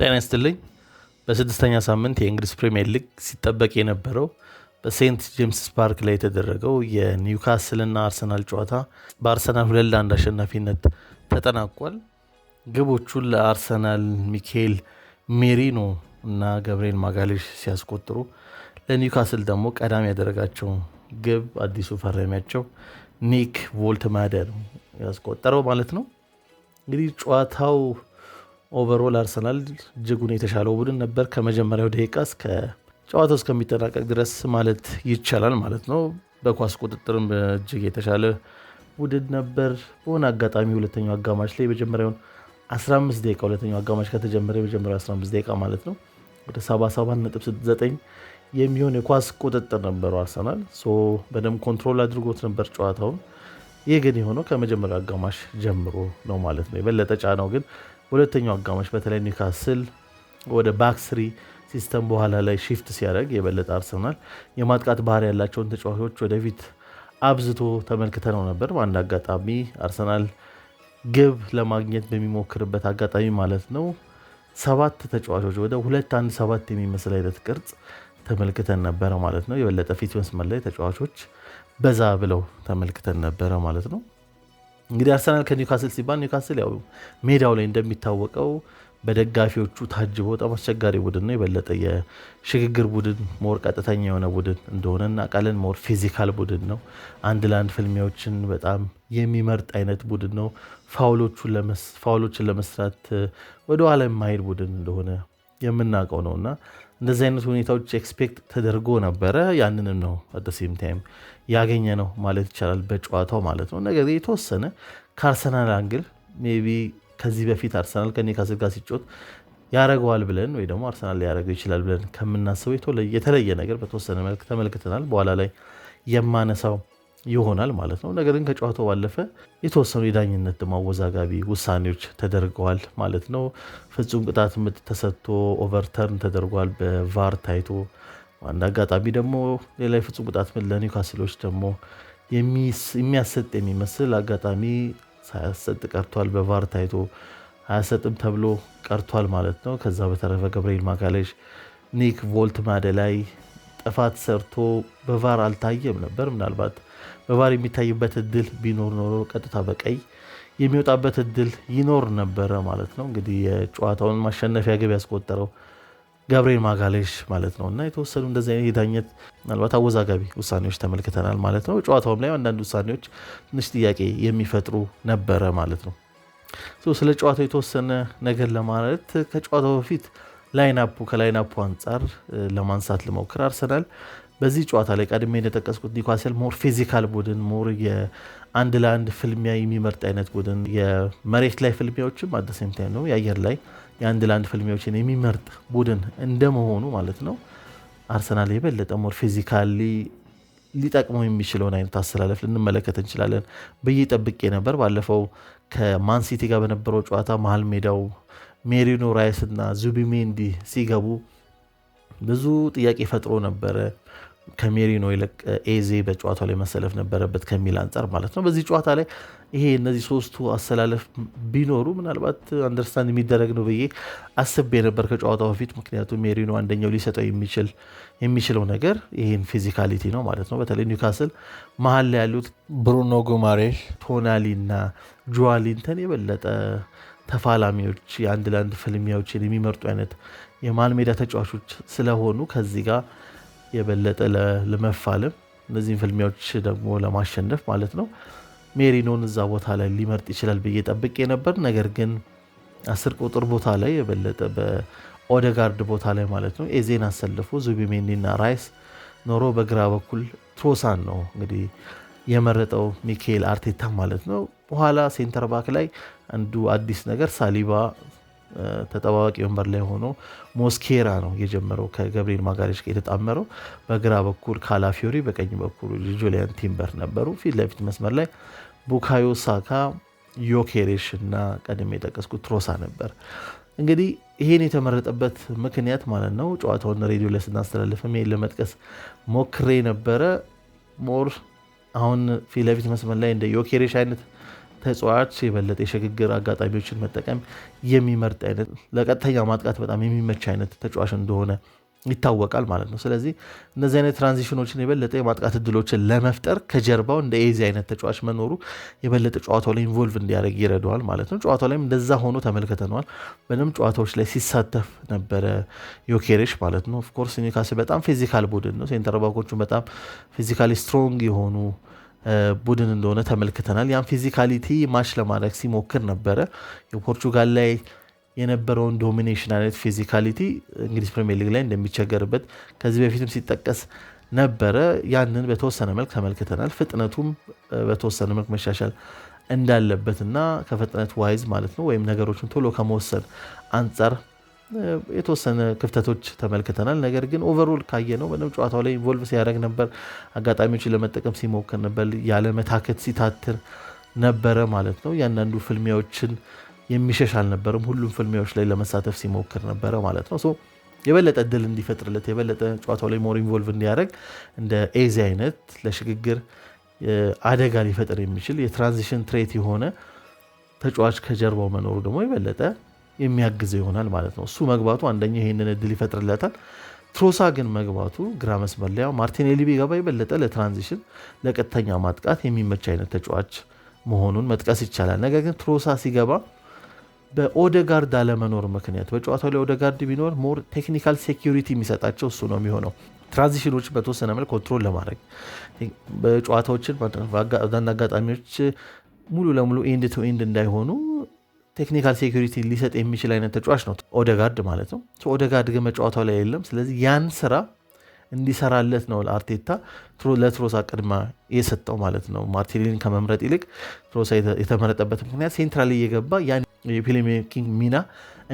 ጤና ይስጥልኝ። በስድስተኛ ሳምንት የእንግሊዝ ፕሪምየር ሊግ ሲጠበቅ የነበረው በሴንት ጄምስ ፓርክ ላይ የተደረገው የኒውካስልና አርሰናል ጨዋታ በአርሰናል ሁለት ለአንድ አሸናፊነት ተጠናቋል። ግቦቹን ለአርሰናል ሚካኤል ሜሪኖ እና ገብርኤል ማጋሌሽ ሲያስቆጥሩ ለኒውካስል ደግሞ ቀዳሚ ያደረጋቸው ግብ አዲሱ ፈራሚያቸው ኒክ ቮልትማደር ያስቆጠረው ማለት ነው። እንግዲህ ጨዋታው ኦቨሮል አርሰናል እጅጉን የተሻለው ቡድን ነበር ከመጀመሪያው ደቂቃ እስከ ጨዋታው እስከሚጠናቀቅ ድረስ ማለት ይቻላል ማለት ነው። በኳስ ቁጥጥርም እጅግ የተሻለ ቡድን ነበር። በሆነ አጋጣሚ ሁለተኛው አጋማሽ ላይ የመጀመሪያውን 15 ደቂቃ ሁለተኛው አጋማሽ ከተጀመረ የመጀመሪያው 15 ደቂቃ ማለት ነው ወደ 77.69 የሚሆን የኳስ ቁጥጥር ነበሩ። አርሰናል በደንብ ኮንትሮል አድርጎት ነበር ጨዋታውን። ይህ ግን የሆነው ከመጀመሪያው አጋማሽ ጀምሮ ነው ማለት ነው። የበለጠ ጫናው ግን ሁለተኛው አጋማሽ በተለይ ኒውካስል ወደ ባክስሪ ሲስተም በኋላ ላይ ሺፍት ሲያደርግ የበለጠ አርሰናል የማጥቃት ባህር ያላቸውን ተጫዋቾች ወደፊት አብዝቶ ነው ነበር። በአንድ አጋጣሚ አርሰናል ግብ ለማግኘት በሚሞክርበት አጋጣሚ ማለት ነው ሰባት ተጫዋቾች ወደ ሁለት አንድ ሰባት የሚመስል አይነት ቅርጽ ተመልክተን ነበረ ማለት ነው። የበለጠ ፊት መስመር ላይ ተጫዋቾች በዛ ብለው ተመልክተን ነበረ ማለት ነው። እንግዲህ አርሰናል ከኒውካስል ሲባል ኒውካስል ያው ሜዳው ላይ እንደሚታወቀው በደጋፊዎቹ ታጅቦ በጣም አስቸጋሪ ቡድን ነው። የበለጠ የሽግግር ቡድን ሞር ቀጥተኛ የሆነ ቡድን እንደሆነ እናውቃለን። ሞር ፊዚካል ቡድን ነው። አንድ ለአንድ ፍልሚያዎችን በጣም የሚመርጥ አይነት ቡድን ነው። ፋውሎችን ለመስራት ወደኋላ የማይል ቡድን እንደሆነ የምናውቀው ነው እና እንደዚህ አይነት ሁኔታዎች ኤክስፔክት ተደርጎ ነበረ። ያንንም ነው ሴም ታይም ያገኘ ነው ማለት ይቻላል በጨዋታው ማለት ነው። ነገር የተወሰነ ከአርሰናል አንግል ሜይ ቢ ከዚህ በፊት አርሰናል ከኒውካስል ጋር ሲጮት ያደረገዋል ብለን ወይ ደግሞ አርሰናል ሊያደረገው ይችላል ብለን ከምናስበው የተለየ ነገር በተወሰነ መልክ ተመልክተናል። በኋላ ላይ የማነሳው ይሆናል ማለት ነው። ነገር ግን ከጨዋታው ባለፈ የተወሰኑ የዳኝነት ማወዛጋቢ ውሳኔዎች ተደርገዋል ማለት ነው። ፍጹም ቅጣት ምት ተሰጥቶ ኦቨርተርን ተደርጓል በቫር ታይቶ፣ አንድ አጋጣሚ ደግሞ ሌላ የፍጹም ቅጣት ምት ለኒውካስሎች ደግሞ የሚያሰጥ የሚመስል አጋጣሚ ሳያሰጥ ቀርቷል። በቫር ታይቶ አያሰጥም ተብሎ ቀርቷል ማለት ነው። ከዛ በተረፈ ገብርኤል ማጋለሽ ኒክ ቮልት ማደ ላይ ጥፋት ሰርቶ በቫር አልታየም ነበር ምናልባት በቫር የሚታይበት እድል ቢኖር ኖሮ ቀጥታ በቀይ የሚወጣበት እድል ይኖር ነበረ ማለት ነው። እንግዲህ የጨዋታውን ማሸነፊያ ግብ ያስቆጠረው ጋብርኤል ማጋሌሽ ማለት ነው እና የተወሰኑ እንደዚህ አይነት የዳኘት ምናልባት አወዛጋቢ ውሳኔዎች ተመልክተናል ማለት ነው። ጨዋታውም ላይ አንዳንድ ውሳኔዎች ትንሽ ጥያቄ የሚፈጥሩ ነበረ ማለት ነው። ስለ ጨዋታው የተወሰነ ነገር ለማለት ከጨዋታው በፊት ላይናፑ ከላይናፑ አንጻር ለማንሳት ልሞክር። አርሰናል በዚህ ጨዋታ ላይ ቀድሜ እንደጠቀስኩት ኒኳስል ሞር ፊዚካል ቡድን ሞር የአንድ ለአንድ ፍልሚያ የሚመርጥ አይነት ቡድን የመሬት ላይ ፍልሚያዎችም አደሴም ታይም የአየር ላይ የአንድ ለአንድ ፍልሚያዎችን የሚመርጥ ቡድን እንደመሆኑ ማለት ነው አርሰናል የበለጠ ሞር ፊዚካሊ ሊጠቅመው የሚችለውን አይነት አሰላለፍ ልንመለከት እንችላለን ብዬ ጠብቄ ነበር። ባለፈው ከማንሲቲ ጋር በነበረው ጨዋታ መሀል ሜዳው ሜሪኖ ራይስ እና ዙቢሜንዲ ሲገቡ ብዙ ጥያቄ ፈጥሮ ነበረ። ከሜሪኖ ይልቅ ኤዜ በጨዋታ ላይ መሰለፍ ነበረበት ከሚል አንጻር ማለት ነው። በዚህ ጨዋታ ላይ ይሄ እነዚህ ሶስቱ አሰላለፍ ቢኖሩ ምናልባት አንደርስታንድ የሚደረግ ነው ብዬ አስቤ ነበር ከጨዋታው በፊት። ምክንያቱም ሜሪኖ አንደኛው ሊሰጠው የሚችለው ነገር ይህን ፊዚካሊቲ ነው ማለት ነው። በተለይ ኒውካስል መሀል ላይ ያሉት ብሩኖ ጉማሬሽ፣ ቶናሊ ጆዋ ጁዋሊንተን የበለጠ ተፋላሚዎች የአንድ ለአንድ ፍልሚያዎችን የሚመርጡ አይነት የማልሜዳ ተጫዋቾች ስለሆኑ ከዚህ ጋር የበለጠ ለመፋለም እነዚህን ፍልሚያዎች ደግሞ ለማሸነፍ ማለት ነው ሜሪኖን እዛ ቦታ ላይ ሊመርጥ ይችላል ብዬ ጠብቄ ነበር። ነገር ግን አስር ቁጥር ቦታ ላይ የበለጠ በኦደጋርድ ቦታ ላይ ማለት ነው ኤዜን አሰልፎ ዙቢሜንዲና ራይስ ኖሮ በግራ በኩል ትሮሳን ነው እንግዲህ የመረጠው ሚካኤል አርቴታ ማለት ነው። በኋላ ሴንተር ባክ ላይ አንዱ አዲስ ነገር ሳሊባ ተጠባባቂ ወንበር ላይ ሆኖ ሞስኬራ ነው የጀመረው ከገብርኤል ማጋሬጅ ጋር የተጣመረው። በግራ በኩል ካላፊዮሪ፣ በቀኝ በኩል ጁሊያን ቲምበር ነበሩ። ፊት ለፊት መስመር ላይ ቡካዮ ሳካ፣ ዮኬሬሽ እና ቀድሜ የጠቀስኩት ትሮሳ ነበር። እንግዲህ ይሄን የተመረጠበት ምክንያት ማለት ነው ጨዋታውን ሬዲዮ ላይ ስናስተላለፍ ይሄን ለመጥቀስ ሞክሬ ነበረ። ሞር አሁን ፊት ለፊት መስመር ላይ እንደ ዮኬሬሽ አይነት ተጫዋች የበለጠ የሽግግር አጋጣሚዎችን መጠቀም የሚመርጥ አይነት ለቀጥተኛ ማጥቃት በጣም የሚመች አይነት ተጫዋች እንደሆነ ይታወቃል ማለት ነው። ስለዚህ እነዚህ አይነት ትራንዚሽኖችን የበለጠ የማጥቃት እድሎችን ለመፍጠር ከጀርባው እንደ ኤዚ አይነት ተጫዋች መኖሩ የበለጠ ጨዋታው ላይ ኢንቮልቭ እንዲያደርግ ይረዳዋል ማለት ነው። ጨዋታው ላይም እንደዛ ሆኖ ተመልክተነዋል። በደንብ ጨዋታዎች ላይ ሲሳተፍ ነበረ ዮኬሬሽ ማለት ነው። ኦፍኮርስ ኒውካስል በጣም ፊዚካል ቡድን ነው። ሴንተር ባኮቹ በጣም ፊዚካሊ ስትሮንግ የሆኑ ቡድን እንደሆነ ተመልክተናል። ያን ፊዚካሊቲ ማች ለማድረግ ሲሞክር ነበረ። የፖርቹጋል ላይ የነበረውን ዶሚኔሽን አይነት ፊዚካሊቲ እንግሊዝ ፕሪሚየር ሊግ ላይ እንደሚቸገርበት ከዚህ በፊትም ሲጠቀስ ነበረ። ያንን በተወሰነ መልክ ተመልክተናል። ፍጥነቱም በተወሰነ መልክ መሻሻል እንዳለበት እና ከፍጥነት ዋይዝ ማለት ነው ወይም ነገሮችን ቶሎ ከመወሰን አንጻር የተወሰነ ክፍተቶች ተመልክተናል። ነገር ግን ኦቨሮል ካየ ነው በደንብ ጨዋታው ላይ ኢንቮልቭ ሲያደርግ ነበር፣ አጋጣሚዎችን ለመጠቀም ሲሞክር ነበር፣ ያለ መታከት ሲታትር ነበረ ማለት ነው። እያንዳንዱ ፍልሚያዎችን የሚሸሽ አልነበርም። ሁሉም ፍልሚያዎች ላይ ለመሳተፍ ሲሞክር ነበረ ማለት ነው። የበለጠ እድል እንዲፈጥርለት የበለጠ ጨዋታው ላይ ሞር ኢንቮልቭ እንዲያደርግ እንደ ኤዚ አይነት ለሽግግር አደጋ ሊፈጥር የሚችል የትራንዚሽን ትሬት የሆነ ተጫዋች ከጀርባው መኖሩ ደግሞ የበለጠ የሚያግዘው ይሆናል ማለት ነው። እሱ መግባቱ አንደኛው ይህንን እድል ይፈጥርለታል። ትሮሳ ግን መግባቱ ግራ መስመር ላይ ማርቲኔሊ ቢገባ የበለጠ ለትራንዚሽን ለቀጥተኛ ማጥቃት የሚመች አይነት ተጫዋች መሆኑን መጥቀስ ይቻላል። ነገር ግን ትሮሳ ሲገባ በኦደጋርድ አለመኖር ምክንያት በጨዋታው ላይ ኦደጋርድ ቢኖር ሞር ቴክኒካል ሴኪሪቲ የሚሰጣቸው እሱ ነው የሚሆነው። ትራንዚሽኖች በተወሰነ መልክ ኮንትሮል ለማድረግ በጨዋታዎችን አንዳንድ አጋጣሚዎች ሙሉ ለሙሉ ኤንድ ቱ ኤንድ እንዳይሆኑ ቴክኒካል ሴኩሪቲ ሊሰጥ የሚችል አይነት ተጫዋች ነው ኦደጋርድ ማለት ነው። ኦደጋርድ ግን መጫወታው ላይ የለም። ስለዚህ ያን ስራ እንዲሰራለት ነው አርቴታ ለትሮሳ ቅድማ የሰጠው ማለት ነው። ማርቲኔሊን ከመምረጥ ይልቅ ትሮሳ የተመረጠበት ምክንያት ሴንትራል እየገባ ያን የፕሌሜኪንግ ሚና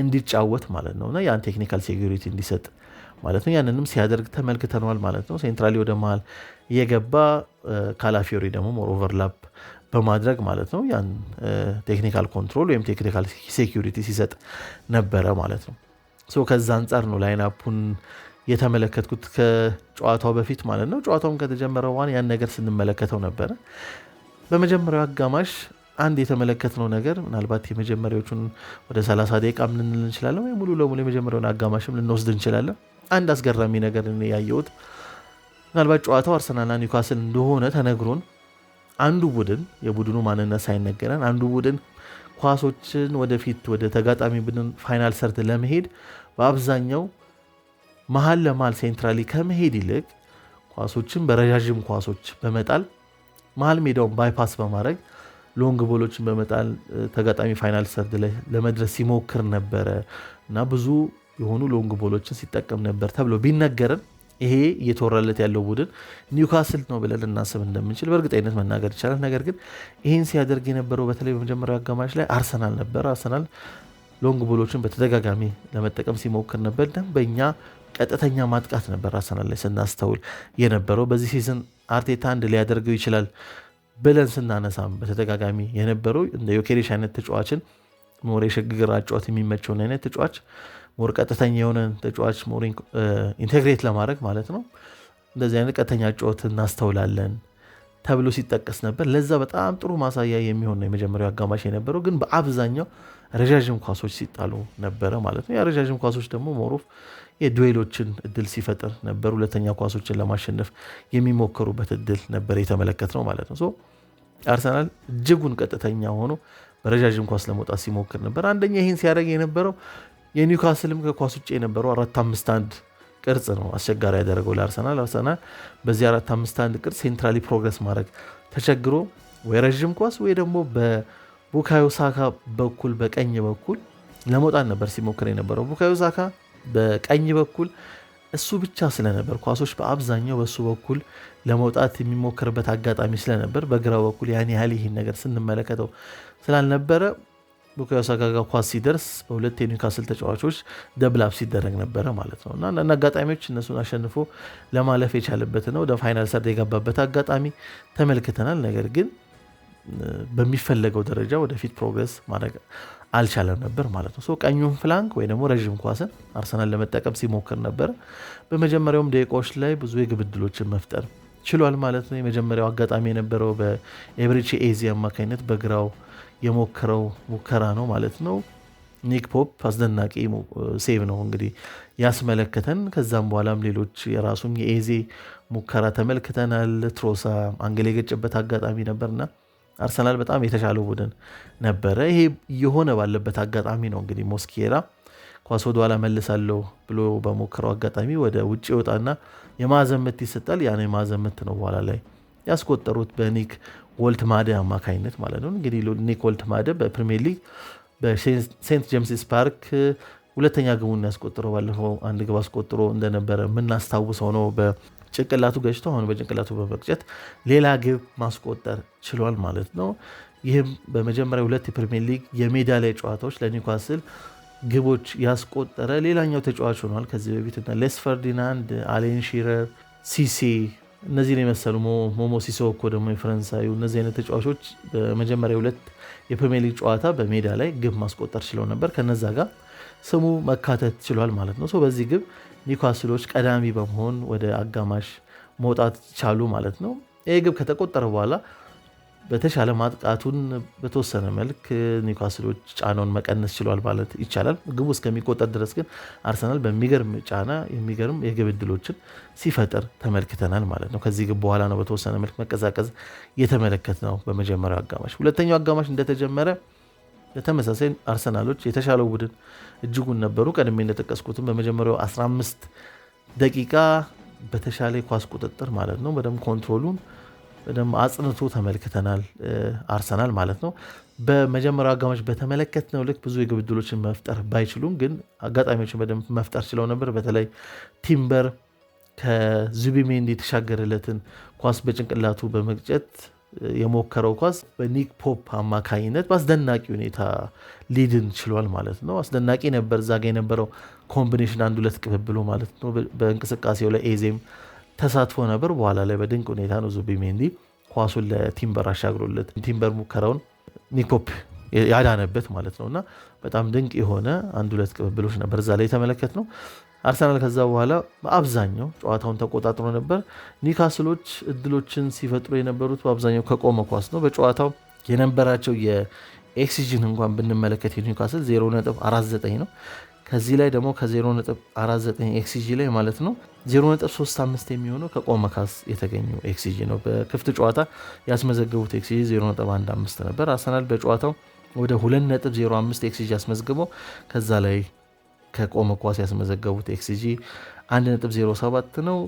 እንዲጫወት ማለት ነው እና ያን ቴክኒካል ሴኩሪቲ እንዲሰጥ ማለት ነው። ያንንም ሲያደርግ ተመልክተነዋል ማለት ነው። ሴንትራሊ ወደ መሀል እየገባ ካላፊዮሪ ደግሞ ሞር ኦቨርላፕ በማድረግ ማለት ነው ያን ቴክኒካል ኮንትሮል ወይም ቴክኒካል ሴኪሪቲ ሲሰጥ ነበረ ማለት ነው። ሶ ከዛ አንጻር ነው ላይናፑን የተመለከትኩት ከጨዋታው በፊት ማለት ነው። ጨዋታውም ከተጀመረ ዋን ያን ነገር ስንመለከተው ነበረ። በመጀመሪያው አጋማሽ አንድ የተመለከትነው ነገር ምናልባት የመጀመሪያዎቹን ወደ 30 ደቂቃ ልንል እንችላለን፣ ወይም ሙሉ ለሙሉ የመጀመሪያውን አጋማሽም ልንወስድ እንችላለን። አንድ አስገራሚ ነገር ያየሁት ምናልባት ጨዋታው አርሰናልና ኒውካስል እንደሆነ ተነግሮን አንዱ ቡድን የቡድኑ ማንነት ሳይነገረን አንዱ ቡድን ኳሶችን ወደፊት ወደ ተጋጣሚ ቡድን ፋይናል ሰርድ ለመሄድ በአብዛኛው መሀል ለመሀል ሴንትራሊ ከመሄድ ይልቅ ኳሶችን በረዣዥም ኳሶች በመጣል መሀል ሜዳውን ባይፓስ በማድረግ ሎንግ ቦሎችን በመጣል ተጋጣሚ ፋይናል ሰርድ ላይ ለመድረስ ሲሞክር ነበረ እና ብዙ የሆኑ ሎንግ ቦሎችን ሲጠቀም ነበር ተብሎ ቢነገርን ይሄ እየተወራለት ያለው ቡድን ኒውካስል ነው ብለን ልናስብ እንደምንችል በእርግጠኝነት መናገር ይቻላል። ነገር ግን ይህን ሲያደርግ የነበረው በተለይ በመጀመሪያው አጋማሽ ላይ አርሰናል ነበር። አርሰናል ሎንግ ቦሎችን በተደጋጋሚ ለመጠቀም ሲሞክር ነበር። ደንበኛ ቀጥተኛ ማጥቃት ነበር አርሰናል ላይ ስናስተውል የነበረው። በዚህ ሲዝን አርቴታ አንድ ሊያደርገው ይችላል ብለን ስናነሳም በተደጋጋሚ የነበረው እንደ ዮኬሬሽ አይነት ተጫዋችን ሞሬ ሽግግር አጫዋት የሚመቸውን አይነት ተጫዋች ሞር ቀጥተኛ የሆነ ተጫዋች ሞር ኢንቴግሬት ለማድረግ ማለት ነው እንደዚህ አይነት ቀጥተኛ ጨዋታ እናስተውላለን ተብሎ ሲጠቀስ ነበር። ለዛ በጣም ጥሩ ማሳያ የሚሆን ነው የመጀመሪያው አጋማሽ የነበረው። ግን በአብዛኛው ረዣዥም ኳሶች ሲጣሉ ነበረ ማለት ነው። ያ ኳሶች ደግሞ ሞሮፍ የዱዌሎችን እድል ሲፈጥር ነበር። ሁለተኛ ኳሶችን ለማሸነፍ የሚሞከሩበት እድል ነበር የተመለከት ነው ማለት ነው። አርሰናል እጅጉን ቀጥተኛ ሆኖ በረዣዥም ኳስ ለመውጣት ሲሞክር ነበር። አንደኛ ይህን ሲያደርግ የነበረው የኒውካስልም ከኳስ ውጭ የነበረው አራት አምስት አንድ ቅርጽ ነው አስቸጋሪ ያደረገው ለአርሰናል። አርሰናል በዚህ አራት አምስት አንድ ቅርጽ ሴንትራሊ ፕሮግረስ ማድረግ ተቸግሮ ወይ ረዥም ኳስ ወይ ደግሞ በቡካዮ ሳካ በኩል በቀኝ በኩል ለመውጣት ነበር ሲሞክር የነበረው። ቡካዮ ሳካ በቀኝ በኩል እሱ ብቻ ስለነበር ኳሶች በአብዛኛው በእሱ በኩል ለመውጣት የሚሞክርበት አጋጣሚ ስለነበር፣ በግራው በኩል ያን ያህል ይህን ነገር ስንመለከተው ስላልነበረ ቡካዮ ሳካ ጋር ኳስ ሲደርስ በሁለት የኒውካስል ተጫዋቾች ደብላብ ሲደረግ ነበረ ማለት ነው እና አንዳንድ አጋጣሚዎች እነሱን አሸንፎ ለማለፍ የቻለበትና ወደ ፋይናል ሰርድ የገባበት አጋጣሚ ተመልክተናል። ነገር ግን በሚፈለገው ደረጃ ወደፊት ፕሮግረስ ማድረግ አልቻለም ነበር ማለት ነው። ቀኙን ፍላንክ ወይ ደግሞ ረዥም ኳስን አርሰናል ለመጠቀም ሲሞክር ነበር። በመጀመሪያውም ደቂቃዎች ላይ ብዙ የግብ ዕድሎችን መፍጠር ችሏል ማለት ነው። የመጀመሪያው አጋጣሚ የነበረው በኤብሪቺ ኤዚ አማካኝነት በግራው የሞከረው ሙከራ ነው ማለት ነው። ኒክ ፖፕ አስደናቂ ሴቭ ነው እንግዲህ ያስመለከተን። ከዛም በኋላም ሌሎች የራሱም የኤዜ ሙከራ ተመልክተናል። ትሮሳ አንገል የገጨበት አጋጣሚ ነበርና አርሰናል በጣም የተሻለው ቡድን ነበረ። ይሄ የሆነ ባለበት አጋጣሚ ነው እንግዲህ ሞስኬራ ኳስ ኋላ መልሳለሁ ብሎ በሞከረው አጋጣሚ ወደ ውጭ ይወጣና የማዘምት ይሰጣል። ያ የማዕዘን ነው በኋላ ላይ ያስቆጠሩት በኒክ ወልትማደ አማካኝነት ማለት ነው። እንግዲህ ኒክ ወልትማደ በፕሪሚየር ሊግ በሴንት ጄምስስ ፓርክ ሁለተኛ ግቡን ያስቆጥረው ባለፈው አንድ ግብ አስቆጥሮ እንደነበረ የምናስታውሰው ነው። በጭንቅላቱ ገጭቶ አሁን በጭንቅላቱ በመቅጨት ሌላ ግብ ማስቆጠር ችሏል ማለት ነው። ይህም በመጀመሪያ ሁለት የፕሪሚየር ሊግ የሜዳ ላይ ጨዋታዎች ለኒኳስል ግቦች ያስቆጠረ ሌላኛው ተጫዋች ሆኗል። ከዚህ በፊት ሌስ ፈርዲናንድ፣ አሌን ሺረር፣ ሲሴ እነዚህን የመሰሉ ሞሞ ሲሶኮ ደግሞ የፈረንሳዩ እነዚህ አይነት ተጫዋቾች በመጀመሪያ ሁለት የፕሪሚየር ሊግ ጨዋታ በሜዳ ላይ ግብ ማስቆጠር ችለው ነበር። ከነዛ ጋር ስሙ መካተት ችሏል ማለት ነው። በዚህ ግብ ኒውካስሎች ቀዳሚ በመሆን ወደ አጋማሽ መውጣት ቻሉ ማለት ነው። ይህ ግብ ከተቆጠረ በኋላ በተሻለ ማጥቃቱን በተወሰነ መልክ ኒውካስሎች ጫናውን መቀነስ ችሏል ማለት ይቻላል። ግቡ እስከሚቆጠር ድረስ ግን አርሰናል በሚገርም ጫና የሚገርም የግብ ዕድሎችን ሲፈጥር ተመልክተናል ማለት ነው። ከዚህ ግብ በኋላ ነው በተወሰነ መልክ መቀዛቀዝ ነው በመጀመሪያው አጋማሽ። ሁለተኛው አጋማሽ እንደተጀመረ በተመሳሳይ አርሰናሎች የተሻለው ቡድን እጅጉን ነበሩ። ቀድሜ እንደጠቀስኩትም በመጀመሪያው 15 ደቂቃ በተሻለ ኳስ ቁጥጥር ማለት ነው በደንብ ኮንትሮሉን በደንብ አጽንቶ ተመልክተናል። አርሰናል ማለት ነው። በመጀመሪያው አጋማሽ በተመለከትነው ልክ ብዙ የግብ ዕድሎችን መፍጠር ባይችሉም ግን አጋጣሚዎችን በደንብ መፍጠር ችለው ነበር። በተለይ ቲምበር ከዙቢሜንዲ የተሻገረለትን ኳስ በጭንቅላቱ በመግጨት የሞከረው ኳስ በኒክ ፖፕ አማካኝነት በአስደናቂ ሁኔታ ሊድን ችሏል ማለት ነው። አስደናቂ ነበር እዛ ጋ የነበረው ኮምቢኔሽን አንድ ሁለት ቅብብሎ ማለት ነው። በእንቅስቃሴው ላይ ኤዜም ተሳትፎ ነበር። በኋላ ላይ በድንቅ ሁኔታ ነው ዙቢሜንዲ ኳሱን ለቲምበር አሻግሮለት ቲምበር ሙከራውን ኒኮፕ ያዳነበት ማለት ነው። እና በጣም ድንቅ የሆነ አንድ ሁለት ቅብብሎች ነበር እዛ ላይ የተመለከት ነው። አርሰናል ከዛ በኋላ በአብዛኛው ጨዋታውን ተቆጣጥሮ ነበር። ኒካስሎች እድሎችን ሲፈጥሩ የነበሩት በአብዛኛው ከቆመ ኳስ ነው። በጨዋታው የነበራቸው የኤክሲጂን እንኳን ብንመለከት የኒውካስል 0.49 ነው። ከዚህ ላይ ደግሞ ከ0.49 ኤክስጂ ላይ ማለት ነው 0.35 የሚሆነው ከቆመ ካስ የተገኘው ኤክስጂ ነው። በክፍት ጨዋታ ያስመዘገቡት ኤክስጂ 0.15 ነበር። አርሰናል በጨዋታው ወደ 2.05 ኤክስጂ አስመዝግበው ከዛ ላይ ከቆመ ኳስ ያስመዘገቡት ኤክስጂ 1.07 ነው።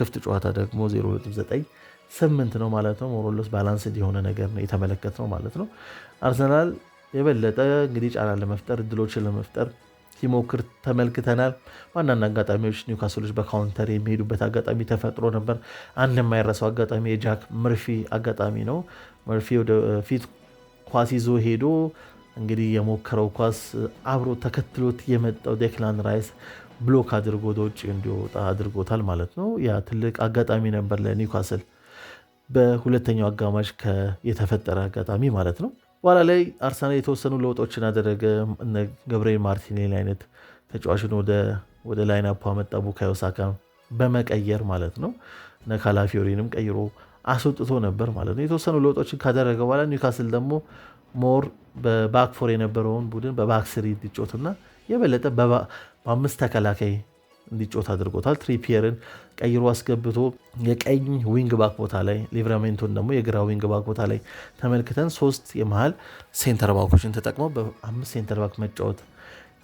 ክፍት ጨዋታ ደግሞ 0.98 ነው ማለት ነው። ሞሮሎስ ባላንስ የሆነ ነገር ነው የተመለከት ነው ማለት ነው። አርሰናል የበለጠ እንግዲህ ጫና ለመፍጠር እድሎችን ለመፍጠር ሲሞክር ተመልክተናል። ዋናና አጋጣሚዎች ኒውካስሎች በካውንተር የሚሄዱበት አጋጣሚ ተፈጥሮ ነበር። አንድ የማይረሳው አጋጣሚ የጃክ ምርፊ አጋጣሚ ነው። ምርፊ ወደፊት ኳስ ይዞ ሄዶ እንግዲህ የሞከረው ኳስ አብሮ ተከትሎት የመጣው ዴክላን ራይስ ብሎክ አድርጎ ወደ ውጭ እንዲወጣ አድርጎታል ማለት ነው። ያ ትልቅ አጋጣሚ ነበር ለኒውካስል በሁለተኛው አጋማሽ የተፈጠረ አጋጣሚ ማለት ነው። በኋላ ላይ አርሰናል የተወሰኑ ለውጦችን አደረገ። እነ ገብርኤል ማርቲኔሊ አይነት ተጫዋቹን ወደ ላይን አመጣ። ቡካዮ ሳካን በመቀየር ማለት ነው እነ ካላፊዮሪንም ቀይሮ አስወጥቶ ነበር ማለት ነው። የተወሰኑ ለውጦችን ካደረገ በኋላ ኒውካስል ደግሞ ሞር በባክፎር የነበረውን ቡድን በባክስሪ ድጮትና የበለጠ በአምስት ተከላካይ እንዲጮት አድርጎታል። ትሪፒየርን ቀይሮ አስገብቶ የቀኝ ዊንግ ባክ ቦታ ላይ ሊቨራሜንቶን ደግሞ የግራ ዊንግ ባክ ቦታ ላይ ተመልክተን ሶስት የመሀል ሴንተር ባኮችን ተጠቅመው በአምስት ሴንተር ባክ መጫወት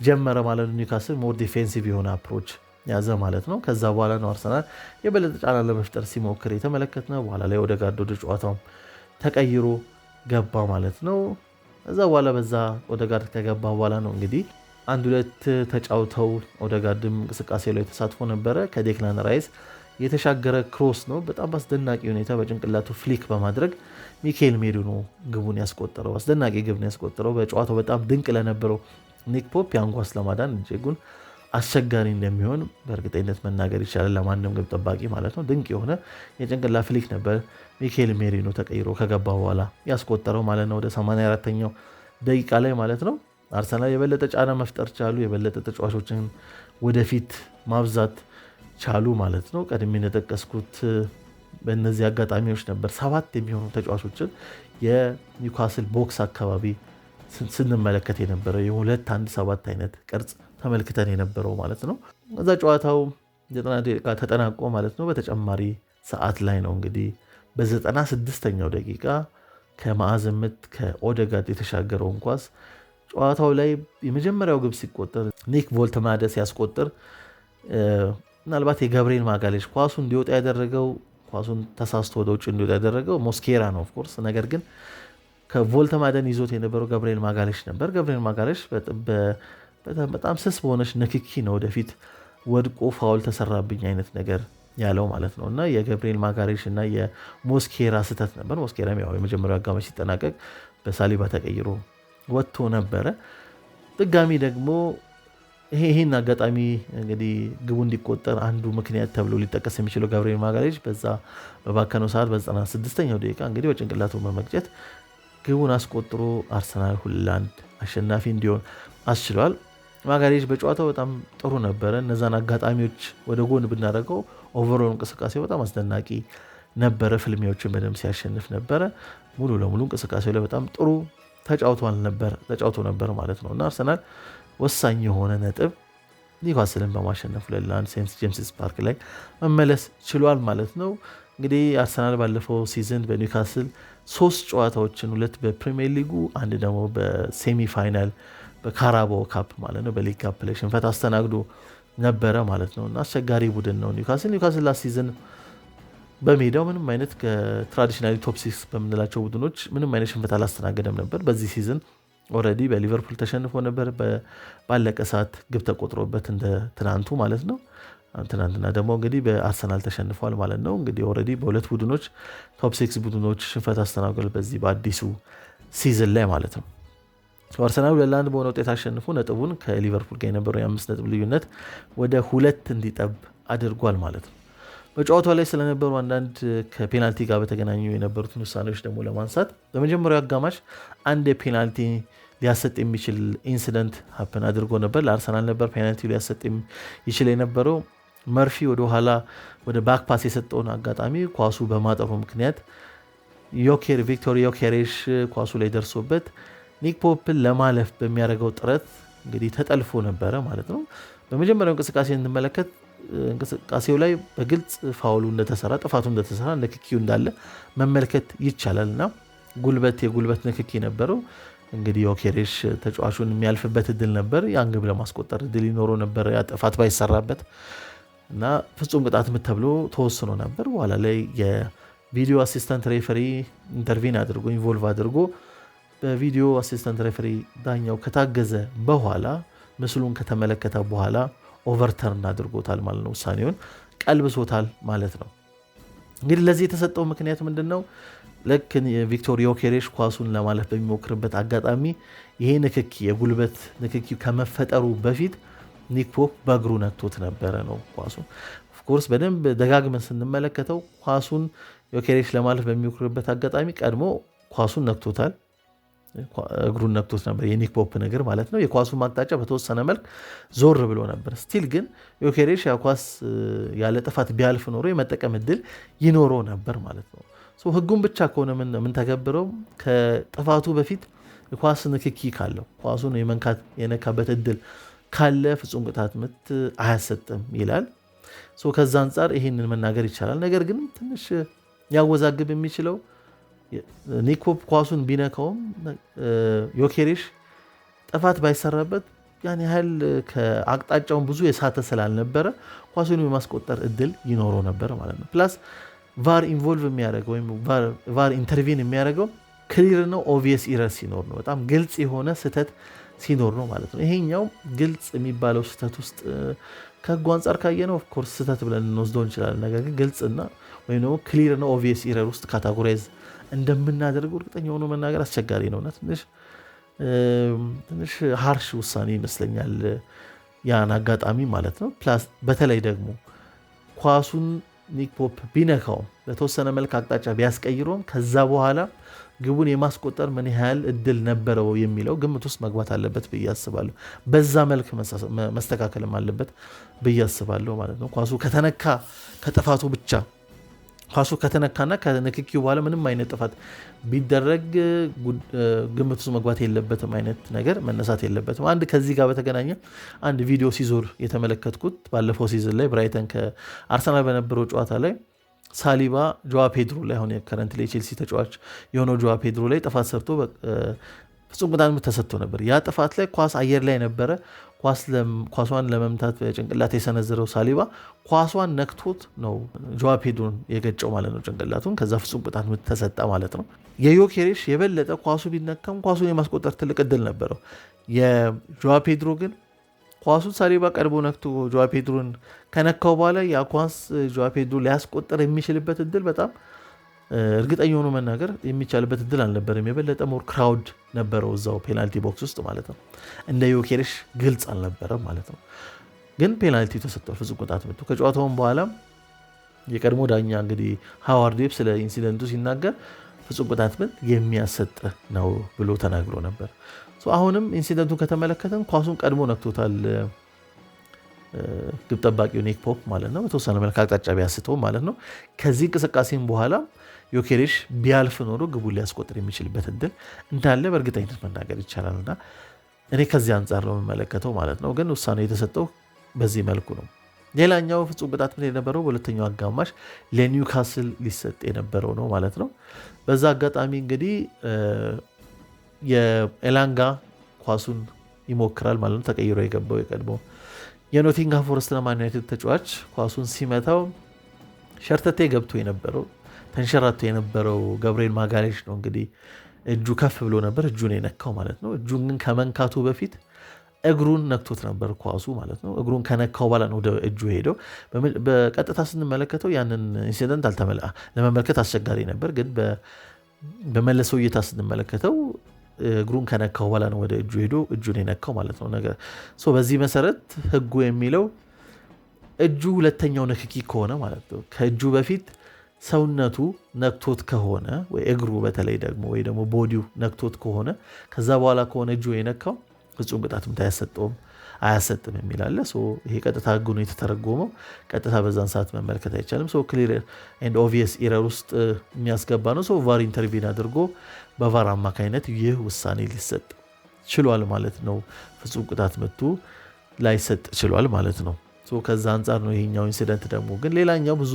ጀመረ ማለት ነው። ኒውካስል ሞር ዲፌንሲቭ የሆነ አፕሮች ያዘ ማለት ነው። ከዛ በኋላ ነው አርሰናል የበለጠ ጫና ለመፍጠር ሲሞክር የተመለከትነው። በኋላ ላይ ወደ ጋርዶ ወደ ጨዋታውም ተቀይሮ ገባ ማለት ነው። እዛ በኋላ በዛ ወደ ጋርድ ከገባ በኋላ ነው እንግዲህ አንድ ሁለት ተጫውተው ኦደጋርድም እንቅስቃሴ ላይ ተሳትፎ ነበረ። ከዴክላን ራይስ የተሻገረ ክሮስ ነው። በጣም በአስደናቂ ሁኔታ በጭንቅላቱ ፍሊክ በማድረግ ሚካኤል ሜሪኖ ግቡን ያስቆጠረው አስደናቂ ግብ ነው ያስቆጠረው። በጨዋታው በጣም ድንቅ ለነበረው ኒክ ፖፕ የአንጓስ ለማዳን እጅጉን አስቸጋሪ እንደሚሆን በእርግጠኝነት መናገር ይቻላል። ለማንም ግብ ጠባቂ ማለት ነው። ድንቅ የሆነ የጭንቅላ ፍሊክ ነበር ሚካኤል ሜሪኖ ተቀይሮ ከገባ በኋላ ያስቆጠረው ማለት ነው። ወደ 84ኛው ደቂቃ ላይ ማለት ነው። አርሰናል የበለጠ ጫና መፍጠር ቻሉ፣ የበለጠ ተጫዋቾችን ወደፊት ማብዛት ቻሉ ማለት ነው። ቀድሜ እንደጠቀስኩት በእነዚህ አጋጣሚዎች ነበር ሰባት የሚሆኑ ተጫዋቾችን የኒውካስል ቦክስ አካባቢ ስንመለከት የነበረው የሁለት አንድ ሰባት አይነት ቅርጽ ተመልክተን የነበረው ማለት ነው። እዛ ጨዋታው ዘጠና ደቂቃ ተጠናቆ ማለት ነው። በተጨማሪ ሰዓት ላይ ነው እንግዲህ በዘጠና ስድስተኛው ደቂቃ ከማዕዘን ምት ከኦደጋድ የተሻገረውን ኳስ ጨዋታው ላይ የመጀመሪያው ግብ ሲቆጠር ኒክ ቮልተማደ ሲያስቆጥር ምናልባት የገብርኤል ማጋሌሽ ኳሱ እንዲወጣ ያደረገው ኳሱን ተሳስቶ ወደ ውጭ እንዲወጣ ያደረገው ሞስኬራ ነው ኦፍኮርስ። ነገር ግን ከቮልተማደን ይዞት የነበረው ገብርኤል ማጋሌሽ ነበር። ገብርኤል ማጋሌሽ በጣም ስስ በሆነች ንክኪ ነው ወደፊት ወድቆ ፋውል ተሰራብኝ አይነት ነገር ያለው ማለት ነው። እና የገብርኤል ማጋሌሽ እና የሞስኬራ ስህተት ነበር። ሞስኬራ ያው የመጀመሪያው አጋማሽ ሲጠናቀቅ በሳሊባ ተቀይሮ ወጥቶ ነበረ። ድጋሚ ደግሞ ይህን አጋጣሚ እንግዲህ ግቡ እንዲቆጠር አንዱ ምክንያት ተብሎ ሊጠቀስ የሚችለው ገብርኤል ማጋሌጅ በዛ በባከነው ሰዓት በዘጠና ስድስተኛው ደቂቃ እንግዲህ በጭንቅላቱ በመግጨት ግቡን አስቆጥሮ አርሰናል ሁላንድ አሸናፊ እንዲሆን አስችሏል። ማጋሌጅ በጨዋታው በጣም ጥሩ ነበረ። እነዛን አጋጣሚዎች ወደ ጎን ብናደርገው ኦቨሮል እንቅስቃሴ በጣም አስደናቂ ነበረ። ፍልሚያዎችን በደንብ ሲያሸንፍ ነበረ። ሙሉ ለሙሉ እንቅስቃሴው ላይ በጣም ጥሩ ተጫውቷል ነበር ተጫውቶ ነበር ማለት ነው እና አርሰናል ወሳኝ የሆነ ነጥብ ኒውካስልን በማሸነፍ ሁለት ለአንድ ሴንት ጄምስስ ፓርክ ላይ መመለስ ችሏል ማለት ነው። እንግዲህ አርሰናል ባለፈው ሲዝን በኒውካስል ሶስት ጨዋታዎችን ሁለት በፕሪሚየር ሊጉ አንድ ደግሞ በሴሚፋይናል በካራቦ ካፕ ማለት ነው በሊግ ካፕ ላይ ሽንፈት አስተናግዶ ነበረ ማለት ነው እና አስቸጋሪ ቡድን ነው ኒውካስል ኒውካስል ላስት ሲዝን በሜዳው ምንም አይነት ከትራዲሽናሊ ቶፕ ሲክስ በምንላቸው ቡድኖች ምንም አይነት ሽንፈት አላስተናገደም ነበር። በዚህ ሲዝን ኦልሬዲ በሊቨርፑል ተሸንፎ ነበር፣ ባለቀ ሰዓት ግብ ተቆጥሮበት እንደ ትናንቱ ማለት ነው። ትናንትና ደግሞ እንግዲህ በአርሰናል ተሸንፏል ማለት ነው። እንግዲህ ኦልሬዲ በሁለት ቡድኖች ቶፕ ሲክስ ቡድኖች ሽንፈት አስተናግዷል በዚህ በአዲሱ ሲዝን ላይ ማለት ነው። አርሰናል ሁለት ለአንድ በሆነ ውጤት አሸንፎ ነጥቡን ከሊቨርፑል ጋር የነበረው የአምስት ነጥብ ልዩነት ወደ ሁለት እንዲጠብ አድርጓል ማለት ነው። በጨዋታው ላይ ስለነበሩ አንዳንድ ከፔናልቲ ጋር በተገናኙ የነበሩትን ውሳኔዎች ደግሞ ለማንሳት በመጀመሪያው አጋማሽ አንድ የፔናልቲ ሊያሰጥ የሚችል ኢንስደንት ሀፕን አድርጎ ነበር። ለአርሰናል ነበር ፔናልቲ ሊያሰጥ ይችል የነበረው። መርፊ ወደኋላ ወደ ባክ ፓስ የሰጠውን አጋጣሚ ኳሱ በማጠሩ ምክንያት ዮኬር ቪክቶር ዮኬሬሽ ኳሱ ላይ ደርሶበት ኒክ ፖፕን ለማለፍ በሚያደርገው ጥረት እንግዲህ ተጠልፎ ነበረ ማለት ነው። በመጀመሪያው እንቅስቃሴ እንመለከት እንቅስቃሴው ላይ በግልጽ ፋውሉ እንደተሰራ ጥፋቱ እንደተሰራ ንክኪው እንዳለ መመልከት ይቻላል እና ጉልበት የጉልበት ንክኪ ነበረው። እንግዲህ ዮኬሬሽ ተጫዋቹን የሚያልፍበት እድል ነበር። ያን ግብ ለማስቆጠር እድል ይኖረው ነበር ያ ጥፋት ባይሰራበት እና ፍጹም ቅጣት ምት ተብሎ ተወስኖ ነበር። በኋላ ላይ የቪዲዮ አሲስታንት ሬፈሪ ኢንተርቪን አድርጎ ኢንቮልቭ አድርጎ በቪዲዮ አሲስታንት ሬፈሪ ዳኛው ከታገዘ በኋላ ምስሉን ከተመለከተ በኋላ ኦቨርተርን አድርጎታል ማለት ነው። ውሳኔውን ቀልብሶታል ማለት ነው። እንግዲህ ለዚህ የተሰጠው ምክንያት ምንድን ነው? ልክ ቪክቶር ዮኬሬሽ ኳሱን ለማለፍ በሚሞክርበት አጋጣሚ ይሄ ንክኪ የጉልበት ንክኪ ከመፈጠሩ በፊት ኒኮ በእግሩ ነክቶት ነበረ ነው ኳሱን ኦፍኮርስ በደንብ ደጋግመን ስንመለከተው ኳሱን ዮኬሬሽ ለማለፍ በሚሞክርበት አጋጣሚ ቀድሞ ኳሱን ነክቶታል። እግሩን ነብቶት ነበር። የኒክ ፖፕ ነገር ማለት ነው። የኳሱን ማቅጣጫ በተወሰነ መልክ ዞር ብሎ ነበር። ስቲል ግን ዮኬሬሽ ያ ኳስ ያለ ጥፋት ቢያልፍ ኖሮ የመጠቀም እድል ይኖረው ነበር ማለት ነው። ህጉን ብቻ ከሆነ የምንተገብረው ከጥፋቱ በፊት ኳስ ንክኪ ካለው ኳሱን የመንካት የነካበት እድል ካለ ፍጹም ቅጣት ምት አያሰጥም ይላል። ከዛ አንጻር ይህንን መናገር ይቻላል። ነገር ግን ትንሽ ሊያወዛግብ የሚችለው ኒኮፕ ኳሱን ቢነካውም ዮኬሪሽ ጥፋት ባይሰራበት ያን ያህል ከአቅጣጫውን ብዙ የሳተ ስላልነበረ ኳሱን የማስቆጠር እድል ይኖረው ነበር ማለት ነው። ፕላስ ቫር ኢንቮልቭ የሚያደርገው ወይም ቫር ኢንተርቪን የሚያደርገው ክሊር ነው ኦቪየስ ኢረር ሲኖር ነው። በጣም ግልጽ የሆነ ስህተት ሲኖር ነው ማለት ነው። ይሄኛው ግልጽ የሚባለው ስህተት ውስጥ ከህጉ አንጻር ካየ ነው ኦፍኮርስ ስህተት ብለን እንወስደው እንችላለን። ነገር ግን ግልጽና ወይም ደግሞ ክሊር ነው ኦቪየስ ኢረር ውስጥ ካታጎራይዝ እንደምናደርገው እርግጠኛ ሆኖ መናገር አስቸጋሪ ነውና ትንሽ ትንሽ ሀርሽ ውሳኔ ይመስለኛል ያን አጋጣሚ ማለት ነው። ፕላስ በተለይ ደግሞ ኳሱን ኒክ ፖፕ ቢነካውም በተወሰነ መልክ አቅጣጫ ቢያስቀይረውም ከዛ በኋላ ግቡን የማስቆጠር ምን ያህል እድል ነበረው የሚለው ግምት ውስጥ መግባት አለበት ብዬ አስባለሁ። በዛ መልክ መስተካከልም አለበት ብዬ አስባለሁ ማለት ነው። ኳሱ ከተነካ ከጥፋቱ ብቻ ኳሱ ከተነካና ከንክኪው በኋላ ምንም አይነት ጥፋት ቢደረግ ግምት ውስጥ መግባት የለበትም አይነት ነገር መነሳት የለበትም። አንድ ከዚህ ጋር በተገናኘ አንድ ቪዲዮ ሲዞር የተመለከትኩት ባለፈው ሲዝን ላይ ብራይተን ከአርሰናል በነበረው ጨዋታ ላይ ሳሊባ ጆዋ ፔድሮ ላይ አሁን ከረንት ላይ ቼልሲ ተጫዋች የሆነው ጆዋ ፔድሮ ላይ ጥፋት ሰርቶ ፍጹም ቅጣት ምት ተሰጥቶ ነበር። ያ ጥፋት ላይ ኳስ አየር ላይ ነበረ። ኳሷን ለመምታት ጭንቅላት የሰነዘረው ሳሊባ ኳሷን ነክቶት ነው ጆዋ ፔድሮን የገጨው ማለት ነው ጭንቅላቱን። ከዛ ፍጹም ቅጣት ምት ተሰጠ ማለት ነው። የዮኬሬሽ የበለጠ ኳሱ ቢነካም ኳሱን የማስቆጠር ትልቅ እድል ነበረው። የጆዋ ፔድሮ ግን ኳሱን ሳሊባ ቀድሞ ነክቶ ጆዋ ፔድሮን ከነካው በኋላ ያ ኳስ ጆዋ ፔድሮ ሊያስቆጠር የሚችልበት እድል በጣም እርግጠኛ ሆኖ መናገር የሚቻልበት እድል አልነበረም። የበለጠ ሞር ክራውድ ነበረው እዛው ፔናልቲ ቦክስ ውስጥ ማለት ነው። እንደ ዮኬሬሽ ግልጽ አልነበረም ማለት ነው። ግን ፔናልቲ ተሰጥቷል፣ ፍጹም ቅጣት ምቱ። ከጨዋታውን በኋላ የቀድሞ ዳኛ እንግዲህ ሃዋርድ ዌብ ስለ ኢንሲደንቱ ሲናገር ፍጹም ቅጣት ምት የሚያሰጥ ነው ብሎ ተናግሮ ነበር። አሁንም ኢንሲደንቱን ከተመለከተን ኳሱን ቀድሞ ነክቶታል ግብ ጠባቂው ኒክ ፖፕ ማለት ነው። በተወሰነ መልክ አቅጣጫ ቢያስተው ማለት ነው። ከዚህ እንቅስቃሴም በኋላ ዮኬሬሽ ቢያልፍ ኖሮ ግቡ ሊያስቆጥር የሚችልበት እድል እንዳለ በእርግጠኝነት መናገር ይቻላል እና እኔ ከዚህ አንጻር ነው የምመለከተው ማለት ነው። ግን ውሳኔ የተሰጠው በዚህ መልኩ ነው። ሌላኛው ፍጹም ቅጣት ምት የነበረው በሁለተኛው አጋማሽ ለኒውካስል ሊሰጥ የነበረው ነው ማለት ነው። በዛ አጋጣሚ እንግዲህ የኤላንጋ ኳሱን ይሞክራል ማለት ነው። ተቀይሮ የገባው የቀድሞ የኖቲንግሃም ፎረስትና ማን ዩናይትድ ተጫዋች ኳሱን ሲመታው ሸርተቴ ገብቶ የነበረው ተንሸራቶ የነበረው ገብርኤል ማጋሌሽ ነው እንግዲህ እጁ ከፍ ብሎ ነበር። እጁን የነካው ማለት ነው። እጁን ግን ከመንካቱ በፊት እግሩን ነክቶት ነበር ኳሱ ማለት ነው። እግሩን ከነካው በኋላ ነው ወደ እጁ ሄደው። በቀጥታ ስንመለከተው ያንን ኢንሲደንት አልተመላ ለመመልከት አስቸጋሪ ነበር፣ ግን በመለሰው እይታ ስንመለከተው እግሩን ከነካው በኋላ ነው ወደ እጁ ሄዶ እጁን የነካው ማለት ነው። ነገር በዚህ መሰረት ህጉ የሚለው እጁ ሁለተኛው ንክኪ ከሆነ ማለት ነው ከእጁ በፊት ሰውነቱ ነክቶት ከሆነ ወይ እግሩ በተለይ ደግሞ ወይ ደግሞ ቦዲው ነክቶት ከሆነ ከዛ በኋላ ከሆነ እጁ የነካው ፍጹም ቅጣት ምት አያሰጠውም አያሰጥም የሚላለ ይሄ ቀጥታ ህግ ነው የተተረጎመው። ቀጥታ በዛን ሰዓት መመልከት አይቻልም። ክሊር ኤንድ ኦቪየስ ኢረር ውስጥ የሚያስገባ ነው። ሰው ቫር ኢንተርቪን አድርጎ በቫር አማካኝነት ይህ ውሳኔ ሊሰጥ ችሏል ማለት ነው። ፍጹም ቅጣት ምቱ ላይሰጥ ችሏል ማለት ነው። ከዛ አንጻር ነው ይሄኛው ኢንሲደንት ደግሞ ግን ሌላኛው ብዙ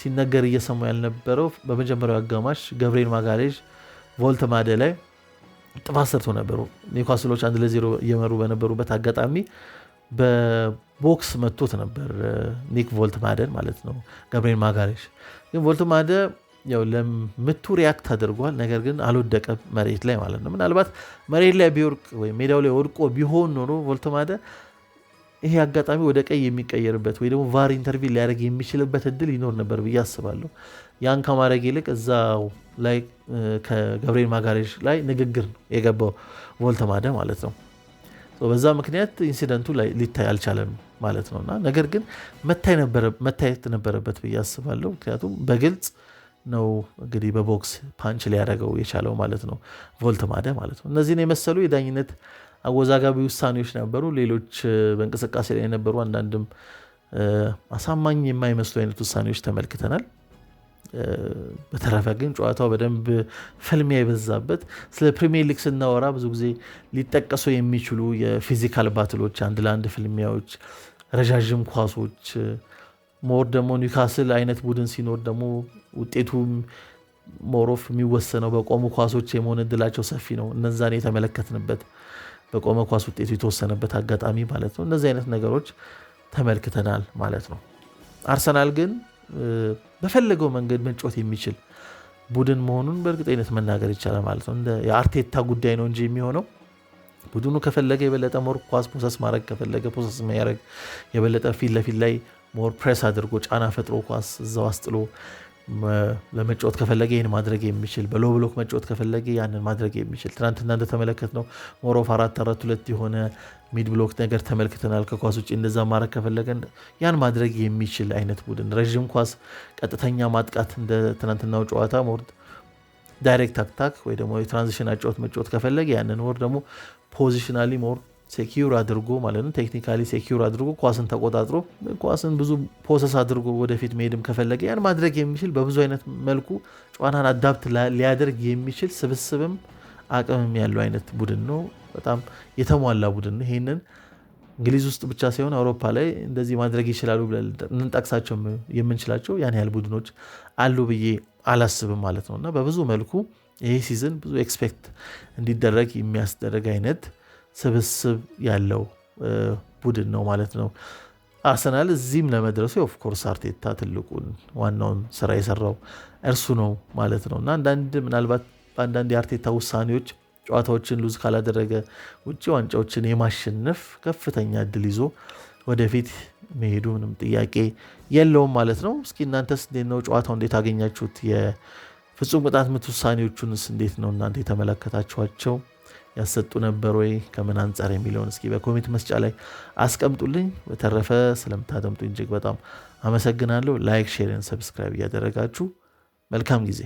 ሲነገር እየሰሙ ያልነበረው በመጀመሪያው አጋማሽ ገብርኤል ማጋሌዥ ቮልተ ማደ ላይ ጥፋት ሰርቶ ነበሩ። ኒውካስሎች አንድ ለዜሮ እየመሩ በነበሩበት አጋጣሚ በቦክስ መቶት ነበር፣ ኒክ ቮልት ማደን ማለት ነው። ገብርኤል ማጋሌዥ ግን ቮልት ማደ ያው ለምቱ ሪያክት አድርጓል። ነገር ግን አልወደቀ መሬት ላይ ማለት ነው። ምናልባት መሬት ላይ ቢወርቅ ወይም ሜዳው ላይ ወድቆ ቢሆን ኖሮ ቮልት ማደ ይሄ አጋጣሚ ወደ ቀይ የሚቀየርበት ወይ ደግሞ ቫር ኢንተርቪ ሊያደርግ የሚችልበት እድል ይኖር ነበር ብዬ አስባለሁ። ያን ከማድረግ ይልቅ እዛው ላይ ከገብርኤል ማጋሬሽ ላይ ንግግር ነው የገባው ቮልተማደ ማለት ነው። በዛ ምክንያት ኢንሲደንቱ ሊታይ አልቻለም ማለት ነው እና ነገር ግን መታየት ነበረበት ብዬ አስባለሁ። ምክንያቱም በግልጽ ነው እንግዲህ በቦክስ ፓንች ሊያደርገው የቻለው ማለት ነው ቮልተማደ ማለት ነው። እነዚህን የመሰሉ የዳኝነት አወዛጋቢ ውሳኔዎች ነበሩ። ሌሎች በእንቅስቃሴ ላይ የነበሩ አንዳንድም አሳማኝ የማይመስሉ አይነት ውሳኔዎች ተመልክተናል። በተረፈ ግን ጨዋታው በደንብ ፍልሚያ የበዛበት ስለ ፕሪሚየር ሊግ ስናወራ ብዙ ጊዜ ሊጠቀሱ የሚችሉ የፊዚካል ባትሎች፣ አንድ ለአንድ ፍልሚያዎች፣ ረዣዥም ኳሶች ሞር ደግሞ ኒውካስል አይነት ቡድን ሲኖር ደግሞ ውጤቱ ሞሮፍ የሚወሰነው በቆሙ ኳሶች የመሆን እድላቸው ሰፊ ነው። እነዛን የተመለከትንበት በቆመ ኳስ ውጤቱ የተወሰነበት አጋጣሚ ማለት ነው። እነዚህ አይነት ነገሮች ተመልክተናል ማለት ነው። አርሰናል ግን በፈለገው መንገድ መጫወት የሚችል ቡድን መሆኑን በእርግጠኝነት መናገር ይቻላል ማለት ነው። የአርቴታ ጉዳይ ነው እንጂ የሚሆነው ቡድኑ ከፈለገ የበለጠ ሞር ኳስ ፖሰስ ማድረግ ከፈለገ ፖሰስ የሚያደርግ የበለጠ ፊት ለፊት ላይ ሞር ፕሬስ አድርጎ ጫና ፈጥሮ ኳስ እዛው አስጥሎ ለመጫወት ከፈለገ ይህን ማድረግ የሚችል በሎ ብሎክ መጫወት ከፈለገ ያንን ማድረግ የሚችል ትናንትና እንደተመለከት ነው ሞሮፍ አራት አራት ሁለት የሆነ ሚድ ብሎክ ነገር ተመልክተናል። ከኳስ ውጭ እንደዛ ማድረግ ከፈለገ ያን ማድረግ የሚችል አይነት ቡድን ረዥም ኳስ፣ ቀጥተኛ ማጥቃት እንደ ትናንትናው ጨዋታ ሞርድ ዳይሬክት አታክ ወይ ደግሞ የትራንዚሽን አጫወት መጫወት ከፈለገ ያንን ወር ደግሞ ፖዚሽናሊ ሞር ሴኪዩር አድርጎ ማለት ነው። ቴክኒካሊ ሴኪር አድርጎ ኳስን ተቆጣጥሮ ኳስን ብዙ ፖሰስ አድርጎ ወደፊት መሄድም ከፈለገ ያን ማድረግ የሚችል በብዙ አይነት መልኩ ጨዋታን አዳፕት ሊያደርግ የሚችል ስብስብም አቅምም ያለው አይነት ቡድን ነው። በጣም የተሟላ ቡድን ነው። ይህንን እንግሊዝ ውስጥ ብቻ ሳይሆን አውሮፓ ላይ እንደዚህ ማድረግ ይችላሉ ብለን እንጠቅሳቸው የምንችላቸው ያን ያህል ቡድኖች አሉ ብዬ አላስብም ማለት ነው እና በብዙ መልኩ ይህ ሲዝን ብዙ ኤክስፔክት እንዲደረግ የሚያስደረግ አይነት ስብስብ ያለው ቡድን ነው ማለት ነው። አርሰናል እዚህም ለመድረሱ ኦፍኮርስ አርቴታ ትልቁን ዋናውን ስራ የሰራው እርሱ ነው ማለት ነው እና አንዳንድ ምናልባት በአንዳንድ የአርቴታ ውሳኔዎች ጨዋታዎችን ሉዝ ካላደረገ ውጭ ዋንጫዎችን የማሸነፍ ከፍተኛ እድል ይዞ ወደፊት መሄዱ ምንም ጥያቄ የለውም ማለት ነው። እስኪ እናንተስ እንዴት ነው ጨዋታው እንዴት አገኛችሁት? የፍጹም ቅጣት ምት ውሳኔዎቹንስ እንዴት ነው እናንተ የተመለከታችኋቸው? ያሰጡ ነበር ወይ ከምን አንጻር የሚለውን እስኪ በኮሜንት መስጫ ላይ አስቀምጡልኝ። በተረፈ ስለምታደምጡ እጅግ በጣም አመሰግናለሁ። ላይክ፣ ሼርን ሰብስክራይብ እያደረጋችሁ መልካም ጊዜ